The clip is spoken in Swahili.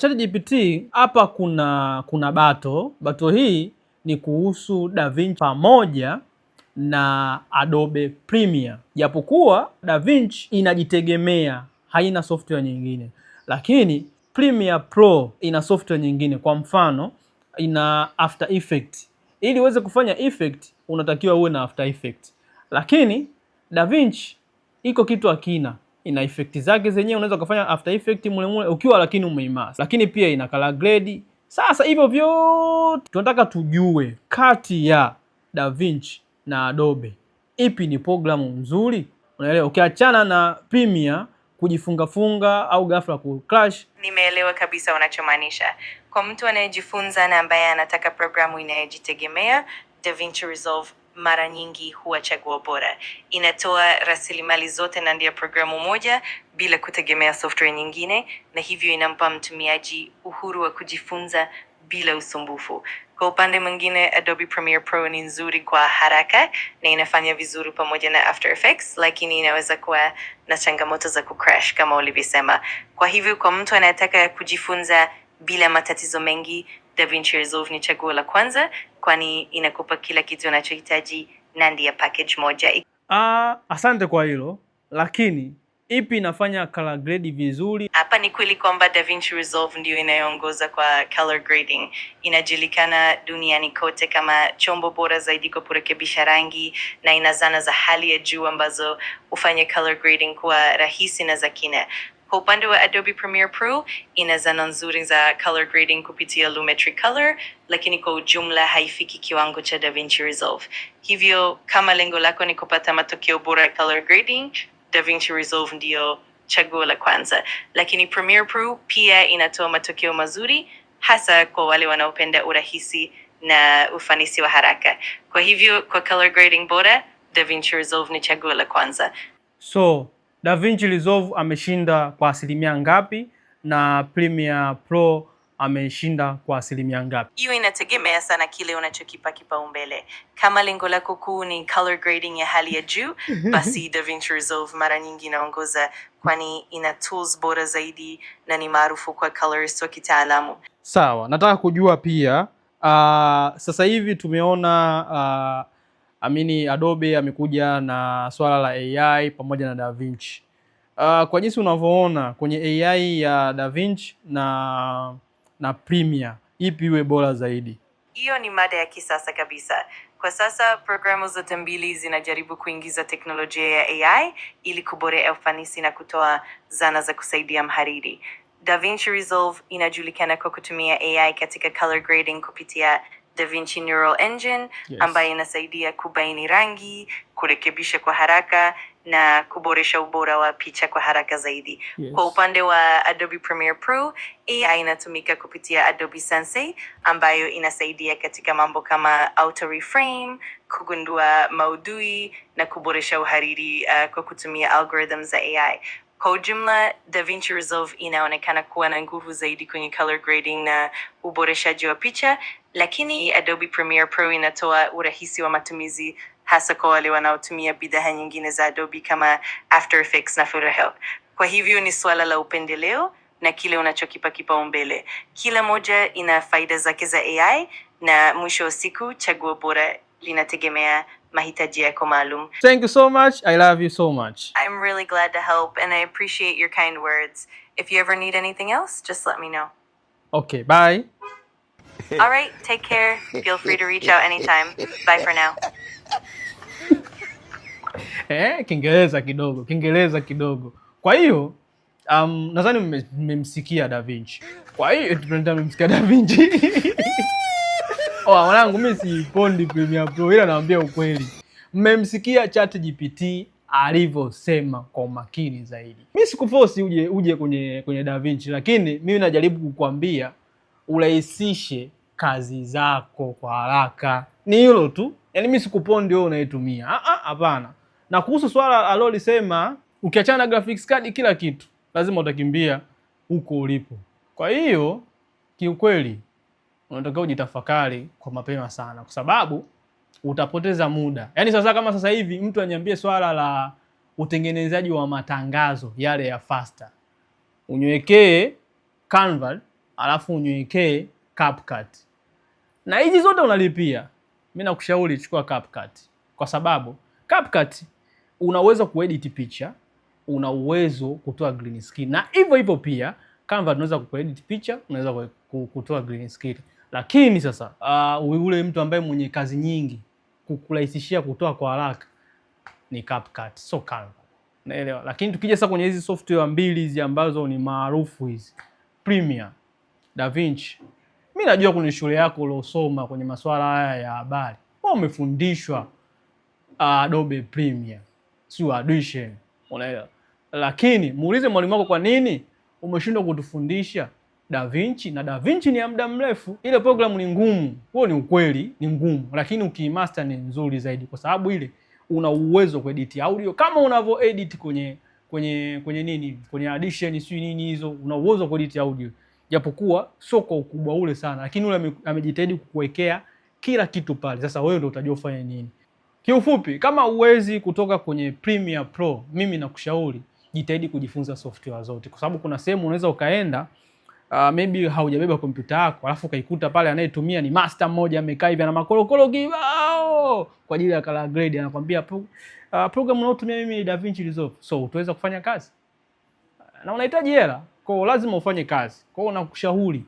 ChatGPT hapa kuna kuna bato bato, hii ni kuhusu DaVinci pamoja na Adobe Premiere, japokuwa DaVinci inajitegemea haina software nyingine, lakini Premiere Pro ina software nyingine. Kwa mfano ina After Effect. Ili uweze kufanya effect unatakiwa uwe na After Effect, lakini DaVinci iko kitu akina ina effect zake zenyewe, unaweza ukafanya after effect mule mule ukiwa lakini umeimas, lakini pia ina color grade. Sasa hivyo vyote tunataka tujue kati ya DaVinci na Adobe ipi ni programu nzuri, unaelewa? Ukiachana na Premiere kujifungafunga au ghafla crash. Nimeelewa kabisa unachomaanisha. Kwa mtu anayejifunza na ambaye anataka programu inayojitegemea, DaVinci Resolve mara nyingi huwa chaguo bora. Inatoa rasilimali zote na ya programu moja bila kutegemea software nyingine, na hivyo inampa mtumiaji uhuru wa kujifunza bila usumbufu. Kwa upande mwingine, Adobe Premiere Pro ni nzuri kwa haraka na inafanya vizuri pamoja na After Effects, lakini inaweza kuwa na changamoto za kucrash kama ulivyosema. Kwa hivyo, kwa mtu anayetaka kujifunza bila matatizo mengi, DaVinci Resolve ni chaguo la kwanza kwani inakupa kila kitu unachohitaji ndani ya package moja. Ah, asante kwa hilo, lakini ipi inafanya color grade vizuri hapa? Ni kweli kwamba DaVinci Resolve ndiyo inayoongoza kwa color grading. Inajulikana duniani kote kama chombo bora zaidi kwa kurekebisha rangi na ina zana za hali ya juu ambazo hufanye color grading kuwa rahisi na za kina. Kwa upande wa Adobe Premiere Pro ina nzuri za color grading kupitia lumetric Color, lakini kwa ujumla haifiki kiwango cha DaVinci Resolve. Hivyo kama lengo lako ni kupata matokeo bora ya color grading, DaVinci Resolve ndiyo chaguo la kwanza. Lakini Premiere Pro pia inatoa matokeo mazuri hasa kwa wale wanaopenda urahisi na ufanisi wa haraka. Kwa hivyo kwa color grading bora, DaVinci Resolve ni chaguo la kwanza. So DaVinci Resolve ameshinda kwa asilimia ngapi na Premiere Pro ameshinda kwa asilimia ngapi? Hiyo inategemea sana kile unachokipa kipaumbele. Kama lengo lako kuu ni color grading ya hali ya juu, basi DaVinci Resolve mara nyingi inaongoza, kwani ina tools bora zaidi na ni maarufu kwa colorist wa kitaalamu. Sawa, nataka kujua pia uh, sasa hivi tumeona uh, amini Adobe amekuja na swala la AI pamoja na DaVinci. Uh, kwa jinsi unavyoona kwenye AI ya DaVinci na na Premiere, ipi iwe bora zaidi? Hiyo ni mada ya kisasa kabisa. Kwa sasa programu zote mbili zinajaribu kuingiza teknolojia ya AI ili kuboresha ufanisi na kutoa zana za kusaidia mhariri. DaVinci Resolve inajulikana kwa kutumia AI katika color grading kupitia Vinci Neural Engine yes, ambayo inasaidia kubaini rangi, kurekebisha kwa haraka na kuboresha ubora wa picha kwa haraka zaidi. Yes. Kwa upande wa Adobe Premiere Pro, AI inatumika kupitia Adobe Sensei ambayo inasaidia katika mambo kama auto reframe, kugundua maudhui na kuboresha uhariri uh, kwa kutumia algorithms za AI. Kwa ujumla, DaVinci Resolve inaonekana kuwa na nguvu zaidi kwenye color grading na uboreshaji wa picha, lakini e Adobe Premiere Pro inatoa e urahisi wa matumizi hasa kwa wale wanaotumia bidhaa nyingine za Adobe kama After Effects na Photoshop. Kwa hivyo ni suala la upendeleo na kile unachokipa kipaumbele. Kila moja ina faida zake za AI na mwisho wa siku chaguo bora linategemea mahitaji yako maalum. Thank you so much. I love you so much. I'm really glad to help and I appreciate your kind words. If you ever need anything else, just let me know. Okay, bye. All right, take care. Feel free to reach out anytime. Bye for now. Eh, Kiingereza kidogo, Kiingereza kidogo. Kwa hiyo um, nadhani mmemsikia Da Vinci. Kwa hiyo mmemsikia Da Vinci. Oh, wanangu mimi sipondi Premiere Pro ila naambia ukweli. Mmemsikia ChatGPT alivyosema kwa umakini zaidi. Mimi sikuforce uje uje kwenye kwenye DaVinci, lakini mimi najaribu kukwambia urahisishe kazi zako kwa haraka. Ni hilo tu. Yaani mimi sikupondi wewe unaitumia. Ah ah, hapana. Na kuhusu swala alolisema, ukiachana na graphics card kila kitu, lazima utakimbia huko ulipo. Kwa hiyo kiukweli unatakiwa ujitafakari kwa mapema sana, kwa sababu utapoteza muda. Yaani sasa, kama sasa hivi mtu aniambie swala la utengenezaji wa matangazo yale ya Fasta, unywekee Canva alafu unywekee CapCut na hizi zote unalipia. Mimi nakushauri chukua CapCut, kwa sababu CapCut una uwezo kuedit picha, una uwezo kutoa green screen, na hivyo hivyo pia Canva unaweza kuedit picha, unaweza kutoa green screen. Lakini sasa uh, ule mtu ambaye mwenye kazi nyingi kukurahisishia kutoa kwa haraka ni CapCut, so Canva. Naelewa. Lakini tukija sasa kwenye hizi software mbili hizi ambazo ni maarufu hizi Premiere, DaVinci. Mimi najua kuna shule yako uliosoma kwenye masuala haya ya habari. Wao umefundishwa uh, Adobe Premiere, sio Audition. Unaelewa? Lakini muulize mwalimu wako kwa nini umeshindwa kutufundisha Da Vinci na Da Vinci ni ya muda mrefu. Ile programu ni ngumu, huo ni ukweli, ni ngumu, lakini ukimaster ni nzuri zaidi, kwa sababu ile una uwezo wa kuedit audio kama unavyo edit kwenye kwenye kwenye nini, kwenye addition si nini hizo, una uwezo wa kuedit audio, japokuwa sio kwa ukubwa ule sana, lakini ule amejitahidi kukuwekea kila kitu pale. Sasa wewe ndio utajua ufanye nini. Kiufupi, kama uwezi kutoka kwenye Premiere Pro, mimi nakushauri jitahidi kujifunza software zote, kwa sababu kuna sehemu unaweza ukaenda uh, maybe haujabeba kompyuta yako alafu ukaikuta pale anayetumia ni master mmoja amekaa hivi ana makorokoro kibao kwa ajili ya color grade, anakwambia pro, uh, program unaotumia mimi ni DaVinci Resolve, so utaweza kufanya kazi ah, na unahitaji hela, kwa lazima ufanye kazi. Kwa hiyo nakushauri